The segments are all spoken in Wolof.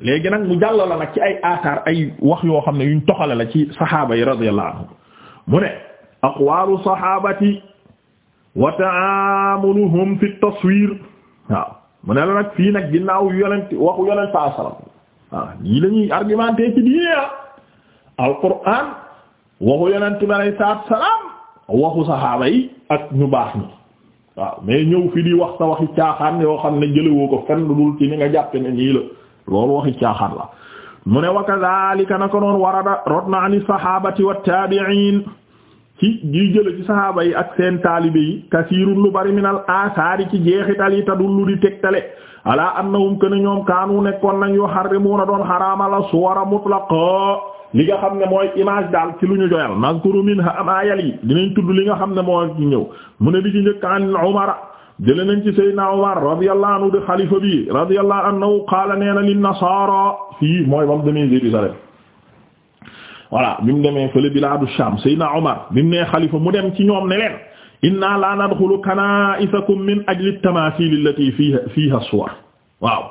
léegi nag mu jàll la nag ci ay aataar ay wax yoo xam ne yuñ toxale la ci saxaaba yi radiyallahu anhu mu ne aqwaalu saxaabati wa ta'amuluhum fi taswir waaw mu ne la nag fii nag ginnaaw yonent waxu yonent saa salaam waaw lii la ñuy argumenté ci diine ah alquran waxu yonent saxaaba yi ak ñu baax ñi waaw mais ñëw fi di wax sa waxi caaxaan yoo xam ne jëlewoo ko fenn dul ci ni nga jàppe nii la loolu waxi caaxaan la mu ne wa kadhalika na ko noon warada rot na ani sahabati wa tabi'in ci gi jële ci sahaaba yi ak seen taalibe yi kasiirun lu bari minal asaari ci jeexital yi tadullu di tegtale ala annahum kana ñoom kaanu nekkoon nañ yuharrimuna doon xaraama la suwara mutlaqa li nga xam ne mooy image daal ci lu ñu joyal nazkuru minha amayal yi dinañ tudd li nga xam ne moo ci ñëw mu ne di ci njëkk an umara jële nañ ci Seydina Umar radiyallahu anhu di xalifa bi radiyallahu anhu qaala nee na lin nasaara fii mooy ba mu demee Jérusalem voilà bi mu demee fële bilaadu Shaam Seydina Umar bi mu nee xalifa mu dem ci ñoom ne leen inna la nadxulu kanaa'isakum min ajli tamaasiil allati fiiha fiiha suwar waaw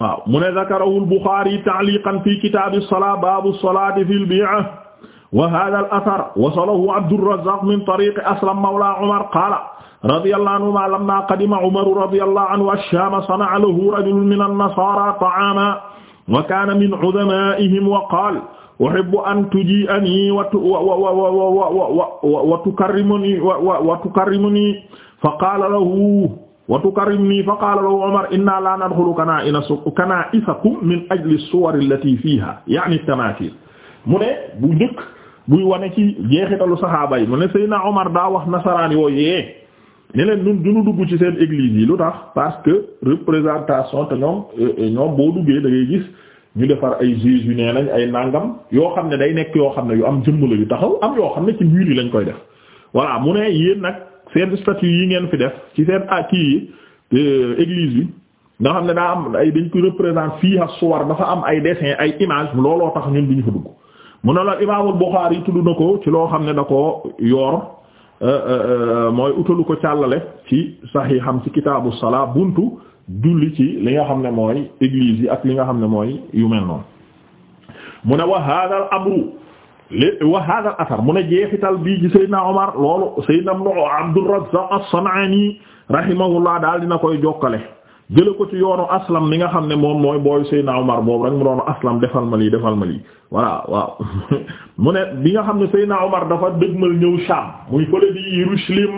waaw mu ne zakarahu al-Buxaari ta'liiqan fii kitaabi as-salaat baabu as-salaati fil bii'a wa hada al athar wasalahu abdourazaq min tariqi aslam mawla omar qaala radiyallahu anhuma lamma qadima omaru radiyallahu anhu ash-shaam sana'a lahu rajulun min an-nasaara ta'aaman wa kaana min udamaa'ihim wa qaala uhibbu an tujii'anii wa wa tukarrimanii wa tukarrimanii fa qaala lahu wa tukarrimnii fa qaala lahu omar innaa laa nadxulu kanaa'isakum min ajli as-suwari allatii fiihaa ya'ni at-tamaathil mu ne bu njëkk buy wane ci jeexitalu saxaaba yi mu ne a Omar daa wax nasaraan yooyu yee ne leen ñun du ñu dugg ci seen église yi lu tax parce que représentation te ñoom euh, euh, ñoom boo duggee da ngay gis ñu defar ay juges yu nee nañ ay nangam yoo xam ne day nekk yoo xam ne yu am jëmm la yu taxaw am yoo xam ne ci biir yi lañ koy def voilà mu ne yéen nag seen statut yi ngeen fi def ci seen ah, kii yi euh, église yi nga xam ne daa am ay dañ ko représenter fii ak suwar dafa am ay dessin ay image looloo tax ñun duñu fa dugg mu ne la imaamul Buxaari tudd na ko ci loo xam ne na ko yoor euh, euh, euh, mooy utalu ko càllale ci saxiixam ci kitaabu salaa buntu julli ci li nga xam ne mooy église ak li nga xam ne mooy yu mel noonu mu ne wa hada al li wa hada athar mu ne jeexital bii ci Seydina Omar loolu Seydina Abdurrazzaq as-San'ani rahimahullah daal dina koy jokkale jële ko ci yoonu aslam mi nga xam ne moom mooy booy Seydina Omar boobu rek mu doon aslam defal ma lii defal ma lii voilà waaw mu ne bi nga xam ne Seydina Omar dafa dëgmal ñëw Sham muy fële di Yerushalim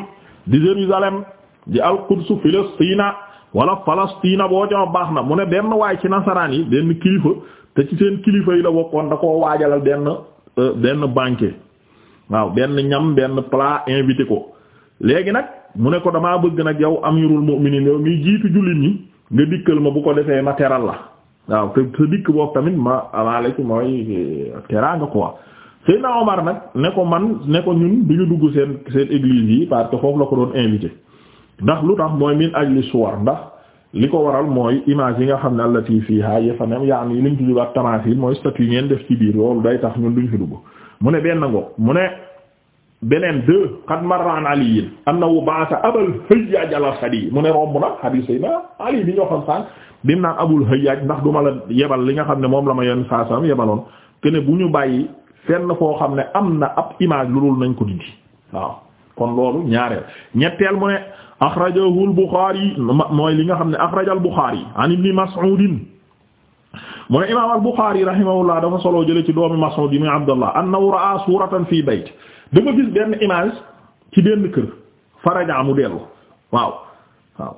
di Jérusalem di al-Quds Filistina wala Falastina boo jox baax na mu ne benn waay ci nasaraan yi benn kilifa te ci seen kilifa yi la bokkoon da koo waajalal benn euh, benn banquet waaw benn ñam benn plat invité ko léegi nag. mu ne ko damaa bëgg nag yow amirul mu'minin yow miy jiitu jullit ñi nga dikkal ma bu ko defee ma teral la waaw te te dikk boobu tamit ma amaale ci mooy teraanga quoi Seydina Omar nag ne ko man ne ko ñun duñu dugg seen seen église yi parce que foofu la ko doon invité ndax lu tax mooy min ajli suwar ndax li ko waral mooy image yi nga xam ne allati fiha yafanam yaa ni liñ tuddu ak tamasil mooy statue ngeen def ci biir loolu day tax ñun duñ fi dugg mu ne benn ngo beneen deux qad marra an aliyin annahu ba'atha abal hayyaj al asadi mu ne romb na hadis yi na ali bi ñoo xam sànq bi mu naan abul hayyaj ndax duma la yebal li nga xam ne moom la ma yenn saa yebaloon que bu ñu bàyyi na foo xam ne am na ab image loolu nañ ko dindi waaw kon loolu ñaareel ñetteel mu ne axrajahu al buxaari mooy li nga xam ne axraja al buxaari an ibni mas'udin mu ne imaam al buxaari rahimahullah dafa solo jële ci doomi mas'ud yi muy abdullah annahu ra'a suratan fi dafa gis benn image ci benn kër farajaa amu dellu waaw waaw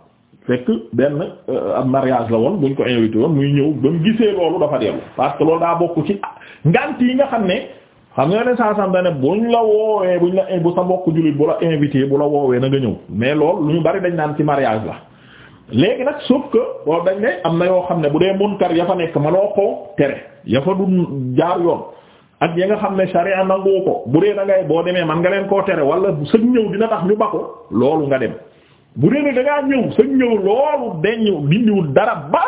fekk benn euh, ab mariage la woon buñ ko invité woon muy ñëw ba mu gisee loolu dafa dellu parce que loolu daa bokk ci ngant yi nga xam ne xam nga ne saa sànq ne buñ la woowee buñ la bu sa mbokku jullit bu la invité bu la woowee na ñëw mais loolu lu ñu bari dañ naan ci mariage la. léegi nag sauf que loolu dañ ne am na yoo xam ne bu dee munkar ya fa nekk mënoo koo tere ya fa du jaar ak ya nga xam ne sharia nangu ko bu dee da boo demee man nga leen koo tere wala sëg ñëw dina tax ñu bako loolu nga dem bu dee ne da ngaa ñëw sëg ñëw loolu deñ dindiwul dara ba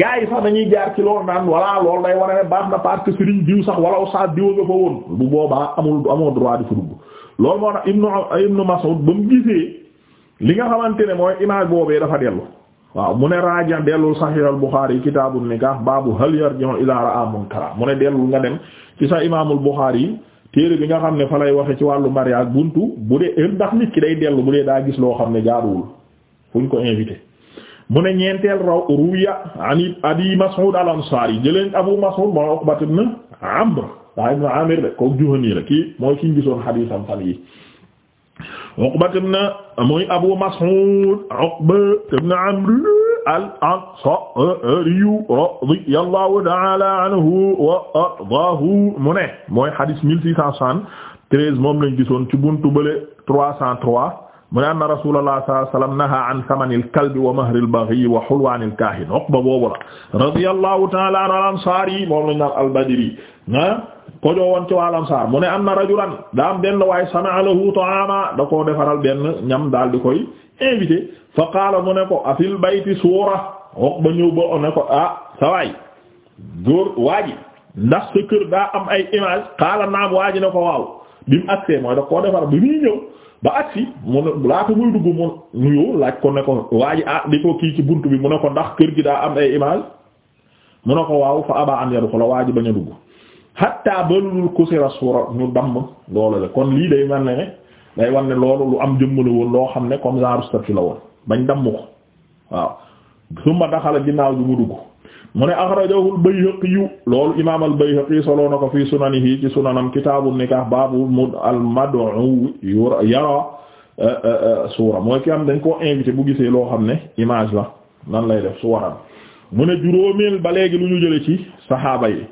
gaa yi sax dañuy jaar ci loolu naan walla loolu day wane baax na parce que Serigne diw sax wala sa diw nga fa woon bu boobaa amul amoo droit di fa dugg loolu moo tax Ibnu Ibnu Mas'ud ba mu gisee li nga xamante ne mooy image boobee dafa dellu waaw mu ne raaja dellul sahih al Bukhari kitaabu nikah baabu hal yarji'u ila ra'a munkara mu ne dellul nga dem ci sa imaamul yi téere bi nga xam ne fa lay waxe ci wàllu ak buntu bu dee er, ndax nit ki day dellu bu dee daa gis loo xam ne jaaduwul fu ñu ko invité mu ne ñeenteel raw ruya ani abi Mas'ud al Ansari jëleen Abu Mas'ud moo Uqbat ibn Amr ibn Amir de ko Juhani kii mooy ki gisoon xadiisam fan yi Uqbat ibn muy Abu Mas'ud Uqba ibn Amr al-Ansari radiyallahu ta'ala anhu wa ardaahu mu ne mooy hadith mille six cent soixante-treize moom lañ gisoon ci buntu bële trois cent trois mu ne anna rasulallah sallallahu alayhi wa sallam naha an thamanil kalbi wa mahril baghi wa hulwanil kahin Uqba boobu la radiyallahu ta'ala anhu al-Ansari moom lañ naan al-Badri ko joowoon ci waalam saar mu ne am na rajulan daa am benn waay sana'a lahu ta'ama da koo defaral benn ñam daal di koy invité fa qaala mu ne ko afil bayti suura wax ba ko ah kër daa am ay image qaala naam waaji ne ko waaw bi mu agsee mooy da koo defar bi muy ñëw ba agsi mu ne laata muy dugg mu nuyoo laaj ko ne ko waaji ah di ko kii ci bunt bi mu ne ko ndax kër gi daa am ay image mu ne ko waaw fa aba an yadxula waaji bañ a dugg hatta ba lu kusira suura ñu damm loolu la kon lii day man ne ne day wan ne loolu lu am jëmm la woon loo xam ne comme genre statue la woon bañ damm ko waaw summa daxala ginnaaw bi mu dugg mu ne axrajahu al-Bayhaqi loolu imaam al-Bayhaqi soloo na ko fii sunanihi ci sunanam kitaabu nikaah baabu mu al-mad'u yara eh, eh, eh, suura mooy ki am dañ koo invité bu gisee loo xam ne image la nan lay def su waram mu ne juróomeel ba léegi lu ñu jële ci saxaaba yi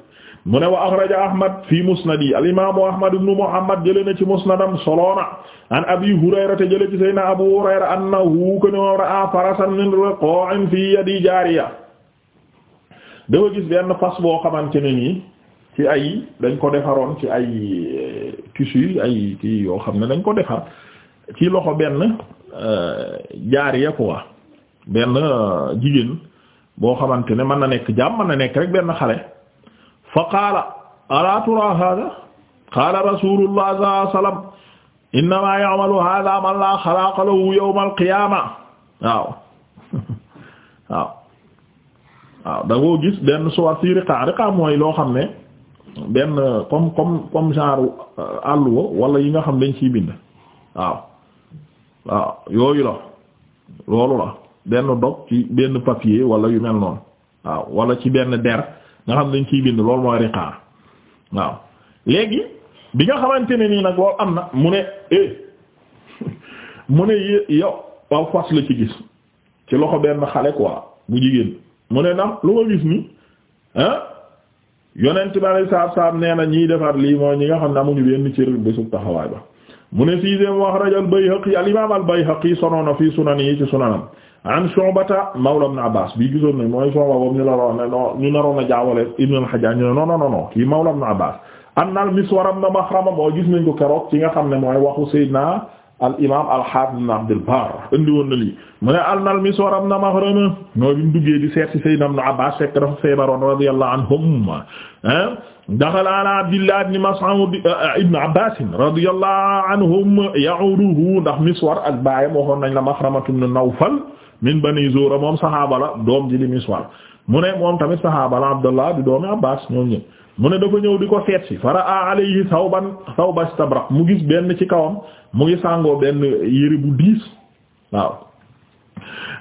mu ne wa axraja ahmad fi musnadi alimamu ahmad ibnu muhammad jële na ci musnadam soloona an abi hurayra te jële ci sayna abu hurayra annahu kana ra'a farasan min riqa'in fi yadi jaariya dafa gis benn fas boo xamante ne nii ci ay dañ ko defaroon ci ay eh, tissu ay kii yoo xam ne dañ ko defar ci loxo benn eh, jaariya quoi benn eh, jigéen boo xamante ne mën na nekk jaam mën na nekk rek benn xale fa qaala alaa turaa haaza qaala rasuulullah sallallahu alayhi wa sallam innamaa ya'malu haaza man laa xalaaqa lahu yawmal qiyaama waaw waaw waaw da ngoo gis benn suwar si riqaa riqaa mooy loo xam ne benn comme comme comme genre euh, àll wala yi nga xam dañ ciy bind waaw waaw yooyu la loolu la benn dog ci benn papier wala yu mel noonu waaw wala ci benn der nga xam dañ ciy bind loolu mooy riqaa waaw léegi bi nga xamante ne nii nag loolu am na mu ne eh mu ne yow aw fas la ci gis ci loxo benn xale quoi bu jigéen mu ne ndax lu ma gis nii ah yonent bi alei saatu salaam ñiy defar lii mooy ñi nga xam ne amuñu benn cër bésu taxawaay ba mu ne sixième wax rajal Bayhaqi al imam al Bayhaqi sonoona fii sunani yi ci sunanam an Shu'bata mawla ibn Abbas bii gisoon nañ mooy Shu'ba boobu ñu naroon ne non ñu naroon a jaawale Ibn al-Hajjaj ñu ne non non non kii mawla ibn Abbas anna al-Miswar ibn Makhrama moo gis nañ ko keroog ci nga xam ne mooy waxu Seydina al imaam al-Haafiz ibn Abd al-Barr indi woon na lii mu ne anna al-Miswar ibn Makhrama mooy bi mu duggee di seet ci Seydina ibn Abbas fekk dafa feebaroon radiyallahu anhum daxala ala Abdillah ibn Mas'ud eh, ibn Abbas radiyallahu anhum ya'uduhu ndax Miswar ak baayam waxoon nañ la Makhramatu ibn Nawfal min bani Zuhra moom saxaaba la doom ji li Miswar mu ne moom tamit saxaaba la Abdullah di doomi Abbaas ñoom ñëpp mu ne dafa ñëw di ko seet si fara a alayhi sawban sawba istabra mu gis benn ci kawam mu ngi sàngoo benn yére bu diis waaw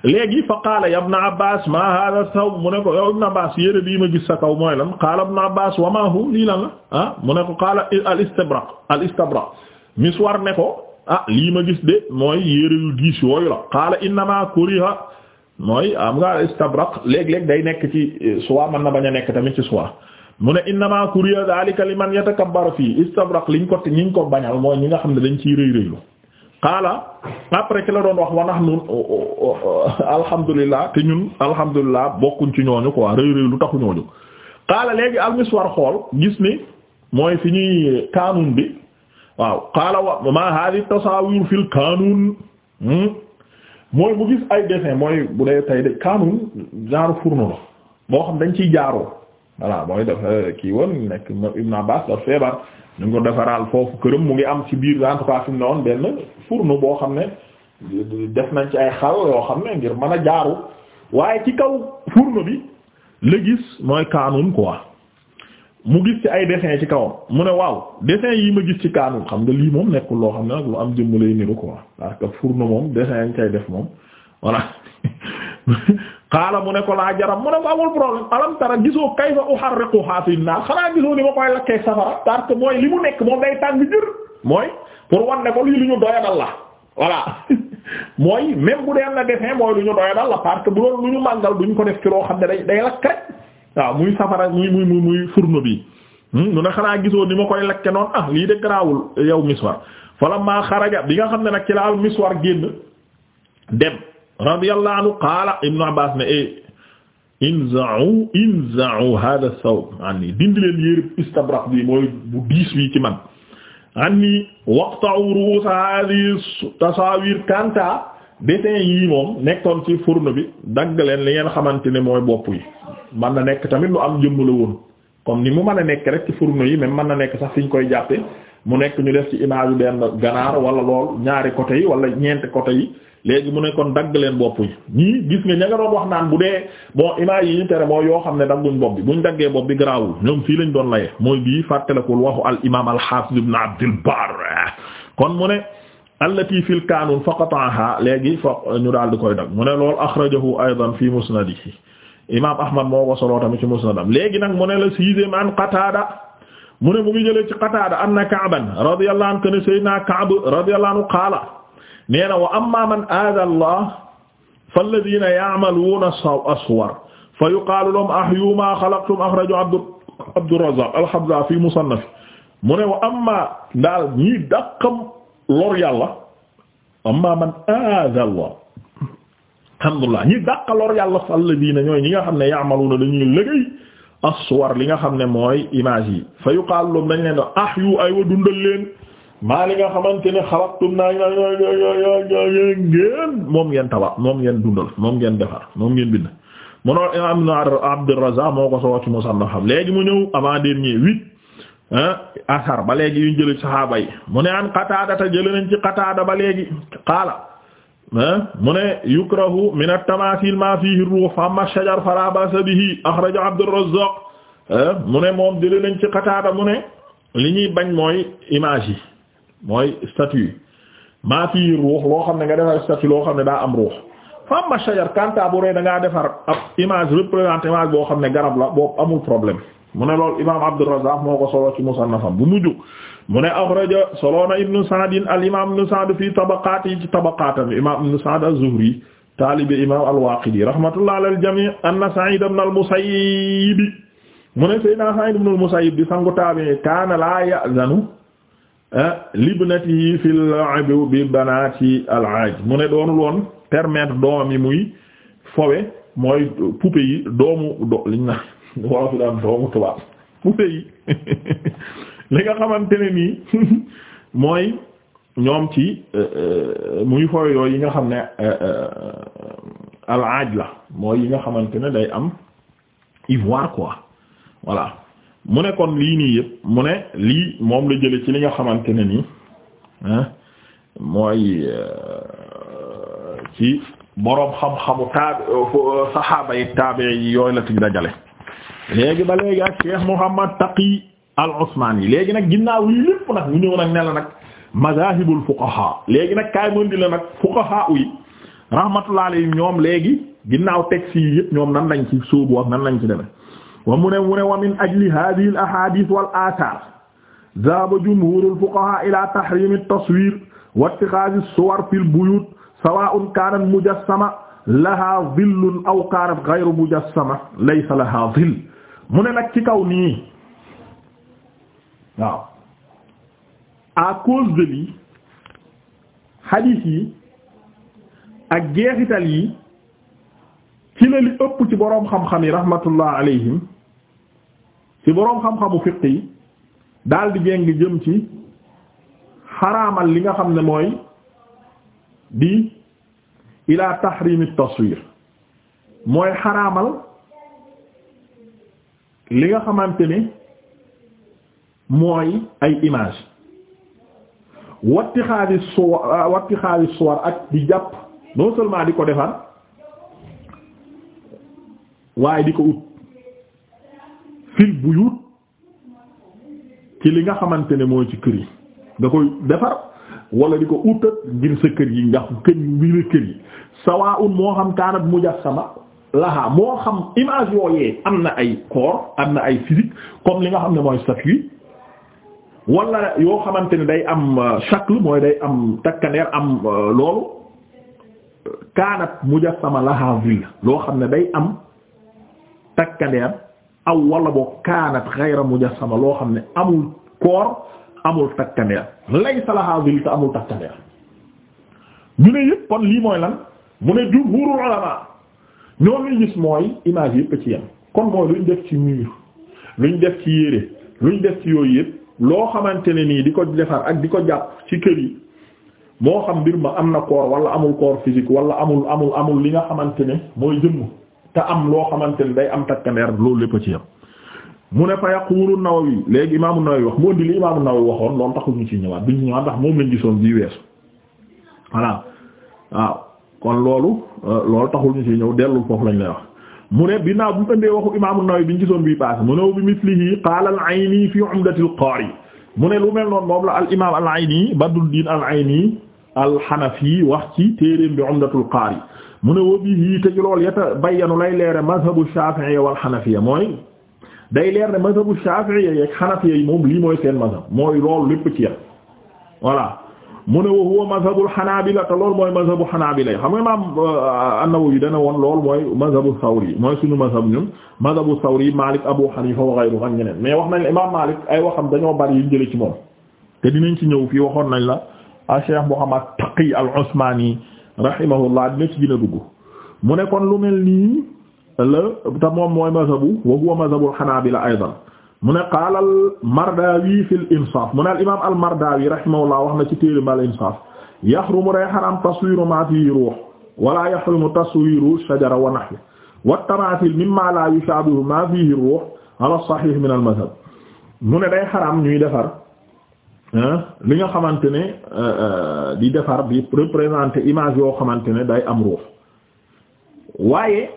léegi fa qaala ya ibn Abbaas ma hada sawb mu ne ko yow ibn Abbaas yére bii ma gis sa kaw mooy lan qaala ibn Abbaas wa lii la ah mu ne ko qaala al istabraq al istabraq Miswar ne ko ah lii ma gis de mooy yére yu diis yooyu la qaala innama kuriha mooy am nga istabraq léeg-léeg day nekk ci eh, soie man na bañ a nekk tamit ci soie mu ne innama kuriha daalika liman yatakabbaru fii istabraq liñ ko ñiñ ko bañal mooy ñi nga xam ne dañ ci rëy rëylu qaala après ki la doon wax wa nahnu oh, oh, oh, alhamdulillah te ñun alhamdulillah bokkuñ ci ñooñu quoi rëy rëy lu taxu ñooñu qaala léegi almiswar xool gis ni mooy fi ñuy eh, kaanun bi waaw qaala wa ma hadhihi tasawir fil kanun hmm? mooy mu gis ay dessin mooy bu dee tay de kanun genre fourneau boo xam dañ ciy jaaroo voilà mooy dafa kii woon nekk Ibn Abbas da feebar ñu ngi ko defaraal foofu këram mu ngi am ci biir en tout cas fi mu ne benn fourneau boo xam ne def nañ ci ay xal yoo xam ne ngir mën a jaaro waaye ci kaw fourneau bi la gis mooy kanun quoi mu gis ci ay desin ci kawam mu ne waaw dessin yi ma gis ci kaanu xam nga lii moom nekkul loo xam ne nag lu am jëmm lay niru quoi parce que fourneau moom dessin yañ cay def moom voilà xaala mu ne ko laa jaram mu ne ko amul problème alam tara gisoo kayfa uharriquha fi naar xanaa gisoo ni ma koy lakkee safara parce mooy li mu nekk moom day tàng jër mooy pour wan ko lii lu ñu doyadal la voilà mooy même bu dee na dessin mooy lu ñu doyadal la parce que bu doon lu ñu màngal duñ ko def ci loo xam ne day day waaw muy safara muy muy muy muy furno bi mu hmm? ne xanaa gisoo ni ma koy lakke noonu ah lii de garaawul yow miswar fala maa xaraja bi nga xam ne nag ci laal miswar génn dem radiyallahu anhu qaala ibnu abbas ne e inza'u inza'u hadha thawb anni dindi leen yéer istabraq bi mooy bu diis wi ci man anni waqta'u ru'us hadhihi tasawir kanta dessin yii moom nekkoon ci fourneau bi dagg leen li ngeen xamante ne mooy bopp yi man na nekk tamit lu am jëmm la woon comme ni mu mën a nekk rek ci fourneau yi même man na nekk sax fi ñu koy jàppe mu nekk ñu def ci image benn ganaar wala lool ñaari côté yi wala ñeenti côté yi léegi mu nekkoon dagg leen bopp yi ñii gis nga ña nga doon wax naan bu dee bon image yi ñu tere mooy yoo xam ne dagguñ bopp bi buñ daggee bopp bi garaawul ñoom fii lañ doon laye mooy bii fàttalekul waxu al imam al hafiz ibn allati fil kaanun fa qata'aha léegi fa ñu daal di koy dag mu ne loolu akhrajahu aydan fi musnadihi imaam Ahmad moo ko solo tamit ci musnadam léegi nag mu ne la sixième an Qataada mu ne mu ngi jëlee ci Qataada anna Ka'ban radiyallahu anhu kana sayyidina Ka'b radiyallahu anhu qaala nee na wa amma man aadha Allah falladhiina ya'maluuna aswar fa yuqaalu lahum ahyuu maa khalaqtum akhrajahu Abdur Razzaaq al-Habza fi musannaf mu ne wa amma daal ñi dàqam lor yàlla amma man aada Allah alhamdulillah ñi dàqa lor yàlla fàll diina ñooy ñi nga xam ne ya'maluna dañuy liggéey aswar li nga xam ne mooy image yi fa yuqaalu loom dañ leen do ah yu ay wa dundal leen maa li nga xamante ne xalaqtum naa ngeen moom ngeen tabax moom ngeen dundal moom ngeen defar moom ngeen bind mu noon imam Abdur Razzaq moo ko soo ci Musannaf léegi mu ñëw avant dernier huit Ah, asar ba léegi yuñ jële saxaaba yi mu ne an qataadata jële nañ ci qataada ba léegi qaala ah, mu ne yukrahu min at-tamasil ma fihi ruux fa amma ash-shajar fala ba'sa bihi akhraja Abd ah, mu ne moom jële nañ ci qataada mu ne li ñuy bañ mooy image yi mooy statue ma fihi ruux loo xam ne nga defar statue loo xam ne daa am ruux fa amma shajar kanta bu ree da ngaa defar ab image représente image boo xam ne garab la boobu amul problème mu ne loolu imaam Abdurrazzaq moo ko solo ci musannafam bu mujj mu ne akhraja solo Ibn Sa'd al Ibn Sa'd fii tabaqaat imaam Ibn Sa'd az-Zuhri taalibe imaam al rahmatullah ala al-jamii' anna Sa'id ibn al mu ne Seydina Sa'id ibn al-Musayyib di sangu taabi kaana laa ya'zanu ah, libnatihi fil la'bi bi banaati al-aaj mu ne doonul woon permettre doomam yi muy fowe mooy poupée yi doomu do liñ wolof yi daan doomu tubaab poupée yi li nga xamante ne nii mooy ñoom ci euh, euh, muy fooy yooyu yi nga xam ne euh, alaaj la mooy yi nga xamante ne day am ivoire quoi voilà mu ne kon lii nii yëpp mu ne lii moom la jële ci li nga xamante ne nii mooy ci boroom xam-xamu taab saxaaba yi taabe yi yooyu la ci dajale léegi ba léegi ak Cheikh Muhammad Taqi al-Usmani léegi nag ginnaaw yi lépp nag ñu ñëw nag ne la nag mazahibul fuqaha léegi nag kaay mën di la nag fuqaha yi rahmatullah alayhim ñoom léegi ginnaaw texte yi yëpp ñoom nan lañ ci sóobu ak nan lañ ci demee wa mu ne mu ne wa min ajli hadhihi al ahadith wal athar dhahaba jumhurul fuqaha ila tahrim at-taswir wa ittikhadh as-suwar fil buyut sawa'un kanat mujassama laha dhillun aw kanat ghayru mujassama laysa laha dhill mu ne nag ci kaw nii waaw à cause de lii hadith yi ak jeexital yi ci la li ëpp ci boroom xam-xam yi rahmatullah alayhim ci boroom xam-xamu fiq yi daal di jéng jëm ci xaraamal li nga xam ne mooy di ila tahrim at mooy xaraamal li nga xamante ni mooy ay image watti xaalis suwar ah, watti xaalis suwar ak di jàpp non seulement di ko defar waaye di ko ut fil buyut ci li nga xamante ne mooy ci kër yi nga koy defar wala di ko utat ngir sa kër yi ndax kër mbir kër yi sawaa'un moo xam kaanat mujassama laxaa moo xam image yooyee am na ay corps am na ay physique comme li nga xam ne mooy statue wala yoo xamante ne day am euh, shakl mooy day am takkaneer am euh, loolu kaanat mujassama laha zilla loo xam ne day am takkaneer aw wala boo kaanat ghayra mujassama loo xam ne amul koor amul takkaneer laysa laha zilla te amul takkaneer ñu ne yëpp kon lii mooy lan mu ne jumhurul ulama ñoom luñ gis mooy image yëpp ci yam kon mooy luñ def ci mur luñ def ci yére lu luñ def ci yooyu yëpp loo xamante ne nii di ko defar ak di ko jàpp ci kër yi moo xam mbir ma am na corps wala amul corps physique wala amul amul amul li nga xamante ne mooy jëmm te am loo xamante ne day am takkandeer loolu lépp ci yam mu ne fa naw Nawawi léegi imaamu Nawawi wax mu indi li imaamu Nawawi waxoon loolu taxul ñu ci ñëwaat duñ ci ñëwaat ndax moom lañ gisoon bii weesu voilà kon loolu euh, loolu taxul ñu ci ñëw dellul foofu lañ lay wax mu ne binaaw bu mu ëndee waxu imaamu Nawawi bi ñu gisoon bii paase mu ne bi mislihi qaala al-Ayni fi Umdatil Qaari mu ne lu mel noonu moom la al imaam al-Ayni Badruddin al-Ayni al-Hanafi wax ci téereem bi Umdatul Qaari mu ne wa bihi te ci loolu yatabayyanu lay leere mazhabu Shaafi'iyya wal Hanafiyya mooy day leer ne mazhabu Shaafi'iyya ak Hanafiyya yi moom lii mooy seen mazhab mooy loolu lépp ci yam voilà. mu ne wa huwa mazhabul hanabila te loolu mooy mazhabu hanabila xam nga imaam uh, an-Nawawi dana woon loolu mooy mazhabu Thawri mooy suñu mazhab ñun mazhabu Thawri Malik Abu Hanifa wa ghayruhu ak ñeneen mais wax nañ la imaam Malik ay waxam dañoo bari yu jële ci moom te dinañ ci ñëw fii waxoon nañ la a ah, Cheikh Muhammad Taqi al-Usmani rahimahullah dina ci gën a dugg mu ne kon lu mel nii la te moom mooy mazhabu wa huwa mazhabul hanabila aydan mu ne qaala al Mardawi fi l insaaf mu ne al imaam al Mardawi rahimahullah wax na ci téerim al insaaf yaxrumu day xaraam taswiru ma fi ruux wala yaxrumu taswiru shajara wa nahwi wa tamaathil mimma la yushabihu ma fihi ruux ala sahih min al madhhab mu ne day xaraam ñuy defar li nga xamante ne euh, di defar di représenter image yoo xamante ne day am ruux waaye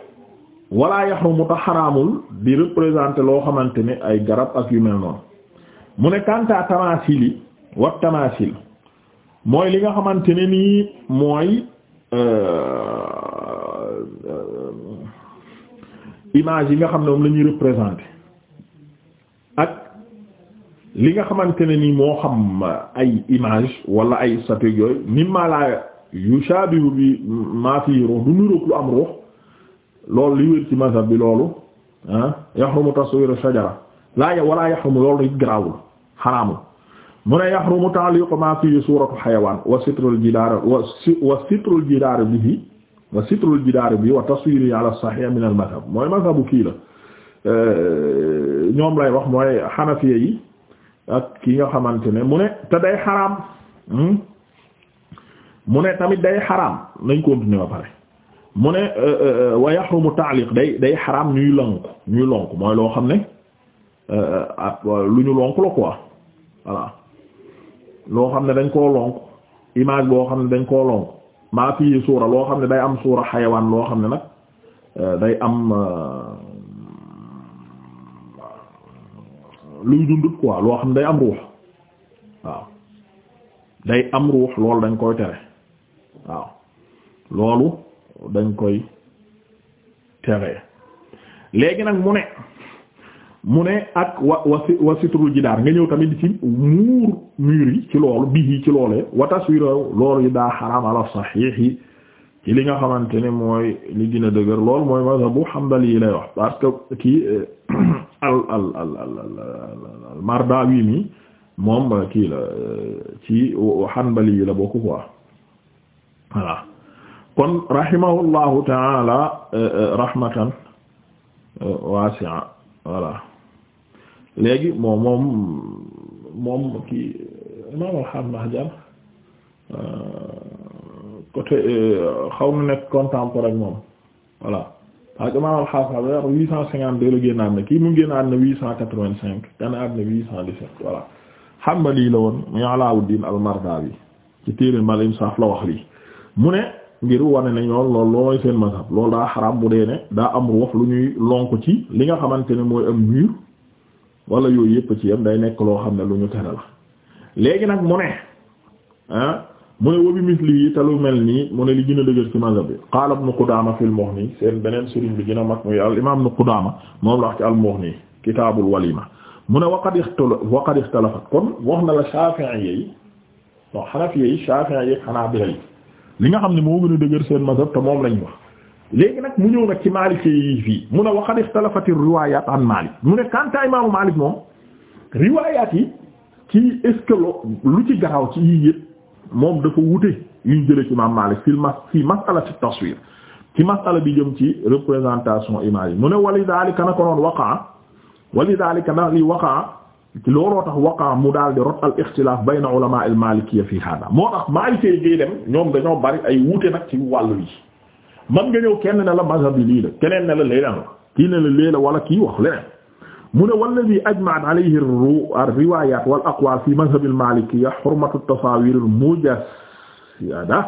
wala yaxrumu ta xaraamul di représenter loo xamante ne ay garab ak yu mel noonu mu ne kanta tamasil yi wat tamasil mooy li nga xamante ne nii mooy euh, image yi nga xam ne moom lañuy ñuy représenter ak li nga xamante ne nii moo xam ay image wala ay statue yooyu mimma la yushabihu bi ma ruux du niroog lu am ruux loolu li wér ci mazhab bi loolu ah yaxrumu taswiru shajara laa wala yaxrumu loolu it garaawul xaraamul mu ne yaxrumu ta'liqu ma fi suratu xayawaan wa sitrul jidaar wa si wa sitrul jidaar bihi wa sitrul jidaar bihi wa min al mazhab mooy mazhabu kii la eh, ñoom lay wax mooy xanafiya yi ak ki nga xamante ne mu ne te day xaraam hmm? mu ne tamit day xaraam nañ continuer ba pare. mu ne euh, euh, euh, wa yaxrumu taaliq day day xaraam ñuy lonk ñuy lonk mooy loo xam ne lu ñu lonk la quoi voilà loo xam ne dañ koo lonk image boo xam ne dañ koo lonk maa suura loo xam ne day am suura xayawaan loo xam ne nag day am luy dundut quoi loo xam ne day am ruux waaw day am ruux loolu dañ koy tere waaw loolu dañ koy tere léegi nag mu ne mu ne ak wa wasi wasitrul jidaar nga ñëw tamit ci muur mur yi ci loolu bii yi ci loolee wa taswira loolu yi daa xaraam saxiix yi ci li nga xamante ne mooy li gën a dëgër loolu mooy mazhabu Hanbali yi lay wax parce que kii eh, al al al al Mardawi mi moom kii la eh, ci Hanbali yi la bokk quoi voilà kon rahimahullahu taala eh, eh, rahmatan eh, wasi'a voilà léegi moom moom moom kii imam alham nahjar côté xaw na nekk contemporain moom voilà parce que imam alhamnajar huit la génn àddina kii mu génn àddina huit cent quatre-vingt-cinq gane àddina huit cent dix-sept voilà Hanbali la woon muy Alawuddin al-Mardawi ci téere Al-Insaf la wax lii mu ne ngir wane ne ñoom loolu loolooy seen mazhab loolu daa xaraam bu dee ne daa am ruux lu ñuy lonk ci li nga xamante ne mooy am mur wala yooyu yëpp ci yam day nekk loo xam ne lu ñu tere la léegi nag mu ne ah mu ne wobi misli yi te lu mel nii mu ne li gën a dëgër ci mazhab bi qaala ibnu Qudaama fil Mughni seen beneen sëriñ bi gën a mag muy al imaam ibnu Qudaama moom la wax ci al Mughni kitaabul walima mu ne waqad ixtala waqad ixtalafat kon wax na la Shaafi'i yi non Hanafi yi Shaafi'i yi Hanaabila li nga xam ne moo gën a dëgër seen mazhab te moom lañ wax léegi nag mu ñëw nag ci Maalik yi fii mu a wa qad ixtalafati riwaayaat an Maalik mu ne kanta imaamu Maalik moom riwaayaat yi ci est lu ci garaaw ci yii yëpp moom dafa wute yu ñu jëlee ci imaam Maalik fil mas fi mas'alati taswiir ci mas'ala bi jëm ci représentation image yi mu ne wali daalika na a noon waqaa wali daalika na li waqaa looloo tax waqaa mu daal di rot al ixtilaaf bayna ulama al malikiyya fi hada moo tax maalikee yi ngay dem ñoom dañoo bari ay wuute nag ci man nga ñëw kenn ne la mazhab bi lii la keneen ne la léelan la kii wala kii wax leneen mu ne walladi ajma'at alayhi ar-riwaayaat wal aqwaal fi mazhab al malikiyya hurmatu at-tasaawiir al mujassada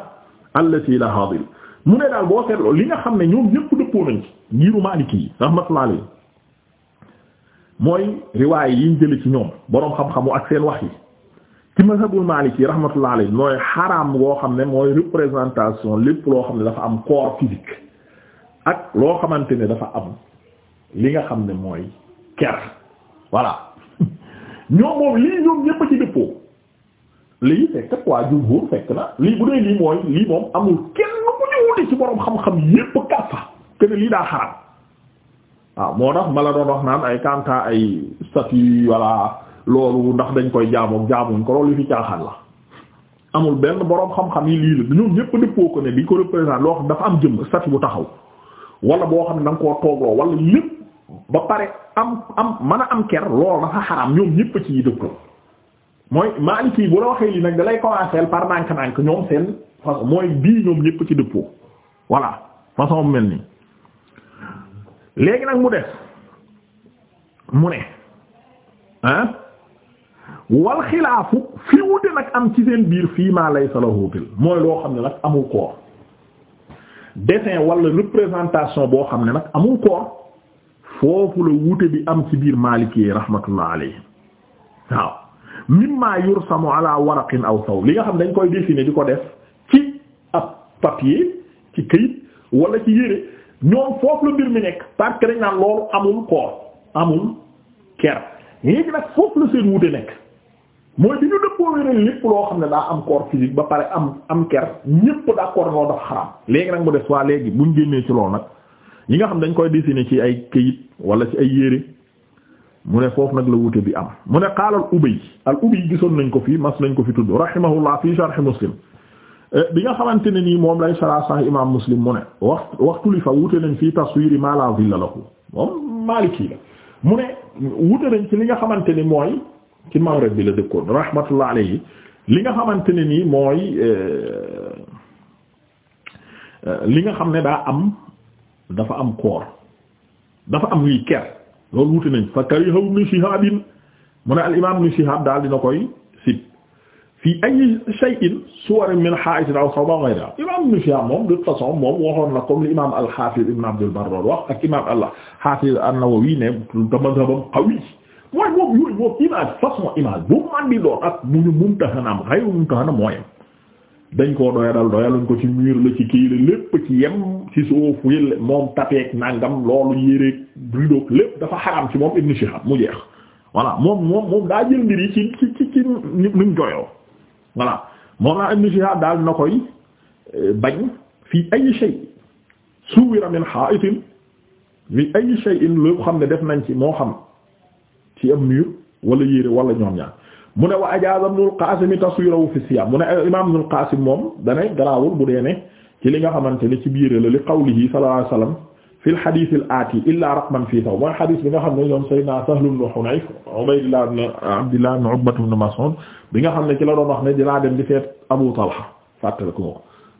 allati la hadil mu ne daal boo seetloo li nga xam ne ñoom ñépp dëppoo nañ ci ngiru maaliki yi rahmatullahi mooy riwaay yiñ jële ci ñoom boroom xam-xamu ak seen wax yi ci mazhabul maliki rahmatullah alayhi mooy xaraam goo xam ne mooy représentation lépp loo xam ne dafa am corps ak loo xamante ne dafa am li nga xam ne mooy ker voilà ñoom moom lii ñoom ñépp ci dëppoo lii fekk quoi jumhur fekk na lii bu dee lii mooy lii moom amul kenn ku ñu wuti ci boroom xam-xam yépp kàffa te ne lii daa xaraam waaw moo tax ma la doon wax naan ay kanta ay statut walla loolu ndax dañ koy jaamook jaamuñ ko loolu yu amul benn boroom xam yi lii ñëpp dëppoo ko ne di ko représenté dafa am jëm statut bu taxaw wala boo xam ne da nga koo toogloo wala lépp ba pare am am man a am ker loolu dafa xaraam ñoom ñëpp ci dëppoo mooy Maliki yi bu la waxee lii nag dalay commencer par nànk-nànk ñoom seen façon mooy bii ñoom ñëpp ci dëppoo voilà façon mel nii léegi nag mu def mu ne ah wal xilaafu fi wute nag am ci seen biir fii maa lay sala mooy loo xam ne nag amul koor dessin wal représentation boo xam ne nag amul koor foofu la wute bi am ci biir Maliki yi rahmatullah alayhi waaw mimma yursamu ala waraqin aw saw li nga xam dañ koy dessiner di ko def ci ab papier ci këyit wala ci yére ñoom foofu la mbir mi nekk parce que dañ naan loolu amul koor amul ker léegi nag foofu la seen wute nekk mooy bi ñu dëppoo wéral lépp loo xam ne daa am corps physique ba pare am am ker ñépp d'accord loolu dafa xaram léegi nag mu def waa léegi buñ génnee ci loolu nag yi nga xam dañ koy dessiner ci ay këyit wala ci ay yére mu ne foofu nag la wute bi am mu ne qaala al ubay al ubay gisoon nañ ko fi mas nañ ko fi tudd rahimahullah fi sharh muslim bi nga xamante ne nii moom lay sara sax imam muslim mu ne wax waxtu li fa wute nañ fii taswiri ma la zilla lahu moom maliki la mu ne wute nañ ci li nga xamante ni mooy ci Maghrib bi la dëkkoon rahmatullah alayhi li nga xamante ne nii mooy euh, euh, li nga xam ne daa am dafa am koor dafa am luy ker loolu wute nañ fa karihaw ibn Shihab mu ne al imam ibn Shihab daal dina koy sib fii ay shay'in suwar min ha'itin aw sawba ghayra imam Ibn Shihab moom de toute façon moom waxoon na comme l'imam al-Hafiz Ibn Abd al-Barr wax ak imam al-Hafiz an-Nawawi ne mazhabam qawi mooy moom yooyu moom image façon image bu man di doon ak mu ñu mumtahanaam ghayru mumtahanam mooyem dañ koo doyadal doyaluñ ko ci mur la ci kii la lépp ci yem ci suuf yi moom tapeek nangam loolu yéreeg rideau lépp dafa xaram ci moom Ibn Shihab mu jeex voilà moom moom moom daa jël mbir yi ci ci ci ci ni mu joyoo voilà moom naa Ibn Shihab daal na koy euh, bañ fii ay shay suwira min ha'itin fii ay shay'in loo xam ne def nañ ci moo xam ci am mur wala yére wala ñoom ñaar mu ne wa ajaaza Ibn al-Qasim taswirahu fi siyam mu ne euh, imam Ibn al moom dane garaawul bu dee ne ci li nga xamante ne ci biir la li qawlihi sallallahu alayhi fil xadiisil aati illaa raqman fii saw mooy xadis bi nga xam ne ñoom Seydina Sahl ibn Hunayf Ubaydillah ibn Abdillah bi nga xam ne ci la doon wax ne dinaa dem di feet Abu Talha fàttali ko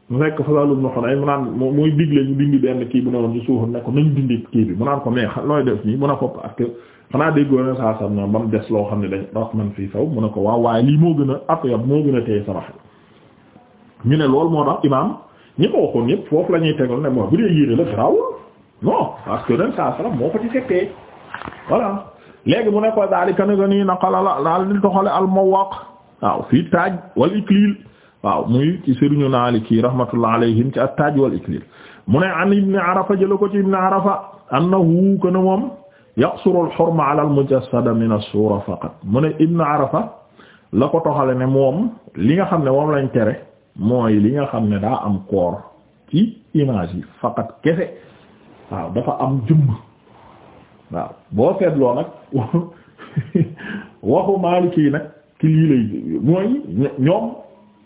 mu nekk Sahl ibn Hunayf mu naan muy digle ñu dindi benn kii bu ne woon ci suuf ne ko nañ dindi kii bi mu naan ba mu des loo xam ne dañ raqman fii saw mu ne ko waaw waaye lii moo gën a atyab moo gën a téye sama xel ñu ne loolu moo tax imaam ñi ko waxoon foofu la ñuy tegal ne mooy bu dee yéene la garaawul non parce moo ko ci fekkee voilà léegi mu ne ko daal di kenn nii naqala la daal di doxale al mawaq waaw fii taaj wal iklil waaw muy ci sëriñu naali kii rahmatullah ci at wal iklil mu ne an ibn arafa jëla ko ci ibn arafa annahu kana moom yaqsuru al hurma ala al min as faqat mu ne ibn arafa la ko toxale ne moom li nga xam ne moom lañ tere mooy li nga xam ne daa am koor ci image faqat kese waaw dafa am jëmm waaw boo seetloo nag waxu Maliki yi nag ki lii lay ñoom